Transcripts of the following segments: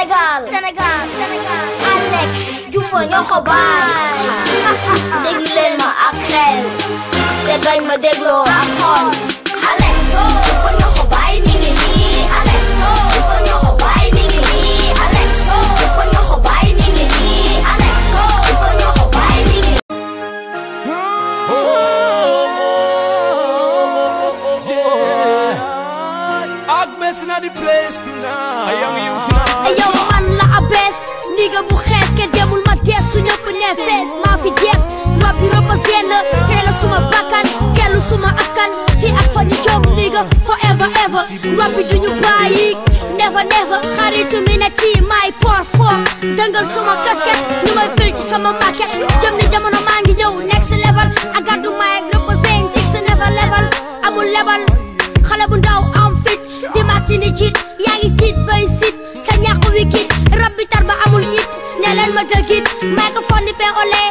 Sénégal Sénégal Sénégal Alex Diouf ñoo ko baay déglu ma ak xel te ma dégloo ak Alex Diouf ñoo ko baay mi Alex Diouf ñoo ko baay mi Alex Diouf ñoo ko baay mi Alex Diouf ñoo ko baay mi oh, Agnes na the place Jordan Sie akfa ni job nigga Forever ever Rapi do you buy it? Never never Hari tu mina ti my poor four Dengar semua kasket Ni my filth sama market Jam ni jam manggi yo next level I got do my group of zen Six never level Amul level Khala bun daw I'm fit Di mati ni jit Yang itit by sit Tanya aku wikit Rapi tarba amul hit Nyalan majal git Microphone ni pe oleh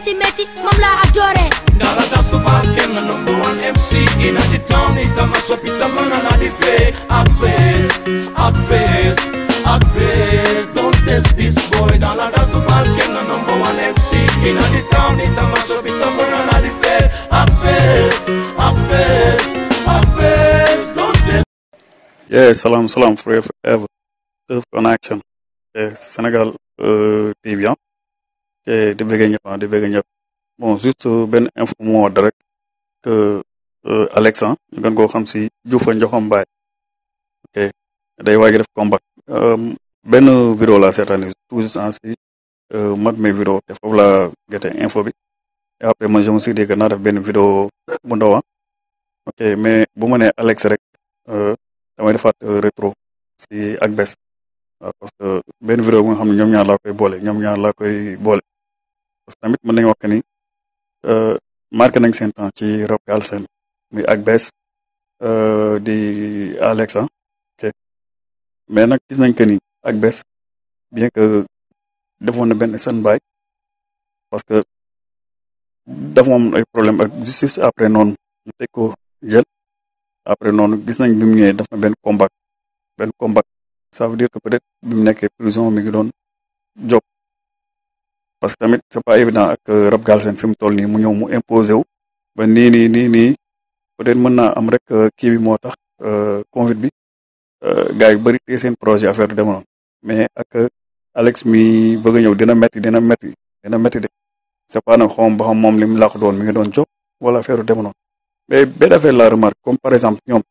metti, metti, mamla a giore Dalla dance to back and the number one MC In a the town is the mash up, it's the man and a the fake At best, at best, at best Don't test this boy Dalla dance to back and the number one MC In a the town is the mash up, it's the man and a the fake At best, at best, at best Don't test Yeah, salam salam forever Turf Connection yeah, Senegal uh, TV, hein? te di bëgg ñëpp di bëgg ñëpp bon juste benn info mu wodd rek que Alexan ñu gën koo xam si Juufa Njoxom Mbaay ok day waaj def combat benn vidéo la seetaan tout juste en si mat mes vidéo te foofu la gete info bi et après man je me suis dit que naa def benn vidéo bu ndaw ok mais bu ma nee Alex rek damay defaat rétro si ak bes waaw parce que benn vidéo bu nga xam ne ñoom ñaar laa koy boole ñoom ñaar laa koy boole tamit mën nañ wax que ni euh, marqué nañ seen ci rap Galsen muy ak bees euh, di Alexa ok mais nag gis nañ que ni ak bees bien que defoon na benn seen baay parce que dafa am ay problème ak justice après noonu ñu teg ko jël après noonu gis nañ bi def na benn combat benn combat ça veut dire que peut-être bi mu nekkee prison mi ngi doon job parce que tamit c'est pas évident ak euh, Rap Galsen fi mu toll nii mu ñëw mu imposé ba nii nii nii nii peut-être mën naa am rek euh, kii bi moo tax euh, Covid bi gars yu bëri tey seen projet affaire du demoon mais ak Alex mi bëgg a ñëw dina metti dina metti dina metti de c'est pas nag xawma ba xam moom li mu laax doon mi ngi doon job wala affaire du demoon mais benn affaire la remarque comme par exemple ñoom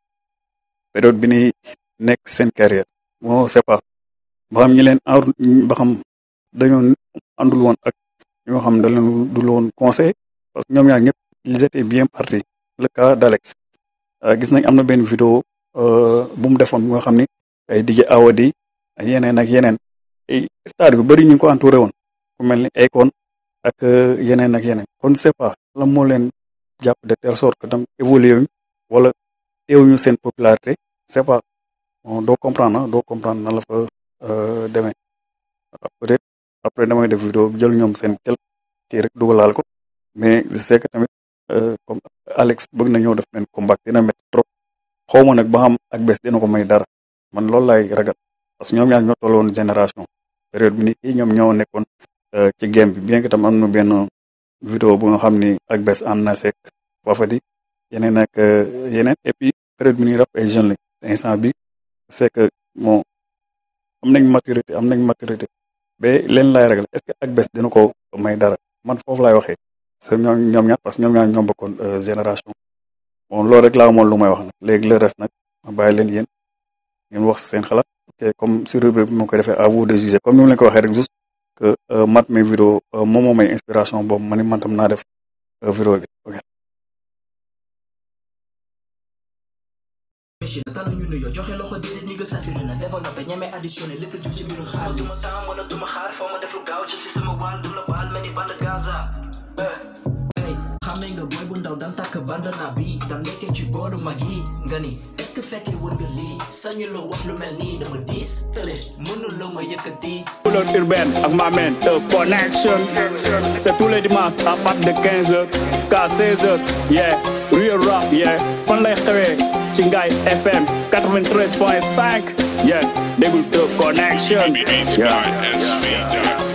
période bi ñuy nekk sen carrière bon c'est pas ba xam ñi leen dañoo àndul woon ak ñoo xam ne da woon conseil parce que ñoom ñaar ñëpp ils étaient bien partis le cas d'Alex euh, gis nañ am na benn vidéo euh, bu mu defoon bu xam ni ay DJ Awadi ak yeneen ak yeneen ay stade bi bëri ñu ngi ko entouré woon ku mel ni Akon ak euh, yeneen ak yeneen kon c'est pas la moo leen jàpp de telle sorte que tam évolué wuñ wala teewuñu seen popularité c'est pas bon doo comprendre ah, doo comprendre na la fa demee après damay def vidéo jël ñoom seen quelque kii rek dugalaal ko mais je sais que tamit euh, Alex bëgg na ñëw def benn combat dina métti trop xaw ma nag ba xam ak bés dina ko may dara man loolu laay ragal parce que ñoom ñaar ñoo tolloon génération période bi nii kii ñoom ñoo nekkoon euh, ci game bi bien que tam am na benn vidéo bu nga xam ni ak bés ànd na seeg Fafadi yeneen ak euh, yeneen et puis période bi nii rap ay jeunes lañ instant bi c'est que bon am nañ maturité am nañ maturité ba leen laay ragal est-ce que ak bés dina ko may dara man foofu laay waxee sa ñoom ñoom ñaar parce que ñoom ñaar ñoom bokkoon euh, génération bon loolu rek laa moon lu may wax nag léegi le reste nag ma bàyyi leen yéen ngeen wax seen xalaat comme si rubrique bi ma ko defee à vous de juger comme ni mu leen ko waxee rek juste que euh, mat mes vidéo euh, moom moo may inspiration boobu ma ni man naa def vidéo bi ok tànn ñu nuyoo joxe loxo dédé ni nga saturé na développé ñeme additionné lépp jub ci mbiru xaalis duma taam wala duma xaar foo ma def lu gaaw ci sama wàll du la baal mel ni bàll Gaza eh. kaming ga boy bundaw danta ke bandar nabi dan make you bodo magi gani es ke fake wun gali sanyo lo wah lo mel ni de medis tele munu lo ma yekati pulo urban ak ma men the connection c'est tous les dimanches à partir de 15 k 16 yeah real rap yeah fan lay xewé ci ngay fm 93.5 yeah degul the connection yeah, yeah. yeah. yeah. yeah. yeah. yeah. yeah.